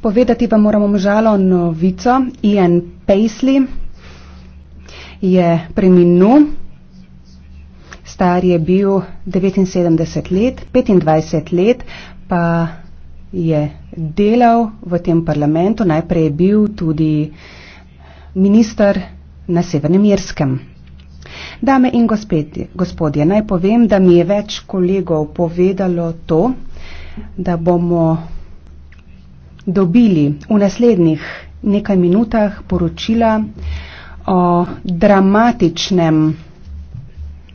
Povedati pa moramo žalo novico. Ian Paisley je preminul. Star je bil 79 let, 25 let pa je delal v tem parlamentu. Najprej je bil tudi minister na Severnem Irskem. Dame in gospodje, naj povem, da mi je več kolegov povedalo to, da bomo dobili v naslednjih nekaj minutah poročila o dramatičnem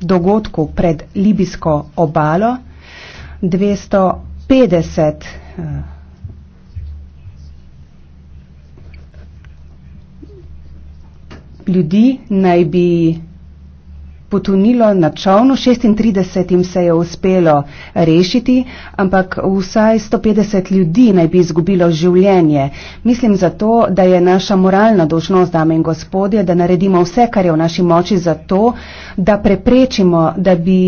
dogodku pred libijsko obalo. 250 eh, ljudi naj bi potonilo na čovnu, 36 jim se je uspelo rešiti, ampak vsaj 150 ljudi naj bi izgubilo življenje. Mislim zato, da je naša moralna dožnost, dame in gospodje, da naredimo vse, kar je v naši moči za to, da preprečimo, da bi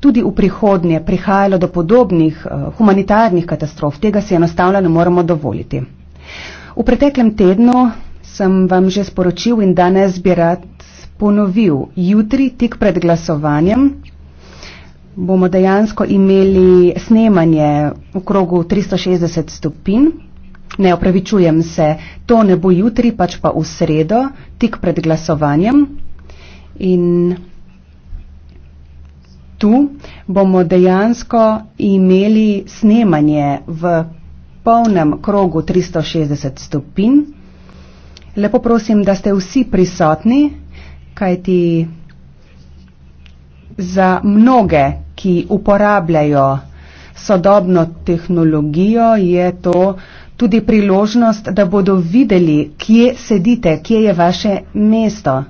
tudi v prihodnje prihajalo do podobnih eh, humanitarnih katastrof. Tega si enostavno ne moremo dovoliti. V preteklem tednu sem vam že sporočil in danes bi rad ponovil, jutri tik pred glasovanjem bomo dejansko imeli snemanje v krogu 360 stopinj. Ne opravičujem se, to ne bo jutri, pač pa v sredo, tik pred glasovanjem. In tu bomo dejansko imeli snemanje v polnem krogu 360 stopinj. Lepo prosim, da ste vsi prisotni kajti za mnoge, ki uporabljajo sodobno tehnologijo, je to tudi priložnost, da bodo videli, kje sedite, kje je vaše mesto.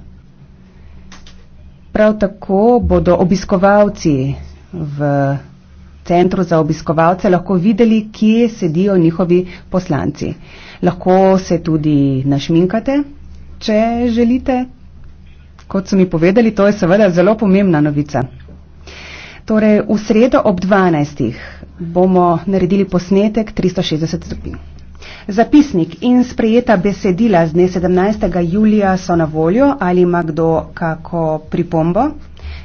Prav tako bodo obiskovalci v centru za obiskovalce lahko videli, kje sedijo njihovi poslanci. Lahko se tudi našminkate, če želite, Kot so mi povedali, to je seveda zelo pomembna novica. Torej, v sredo ob 12. bomo naredili posnetek 360 stopinj. Zapisnik in sprejeta besedila z dne 17. julija so na voljo. Ali ima kdo kako pripombo?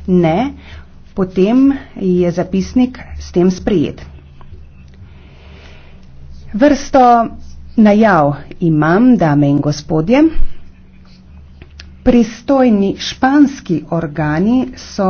Ne. Potem je zapisnik s tem sprejet. Vrsto najav imam, dame in gospodje. Pristojni španski organi so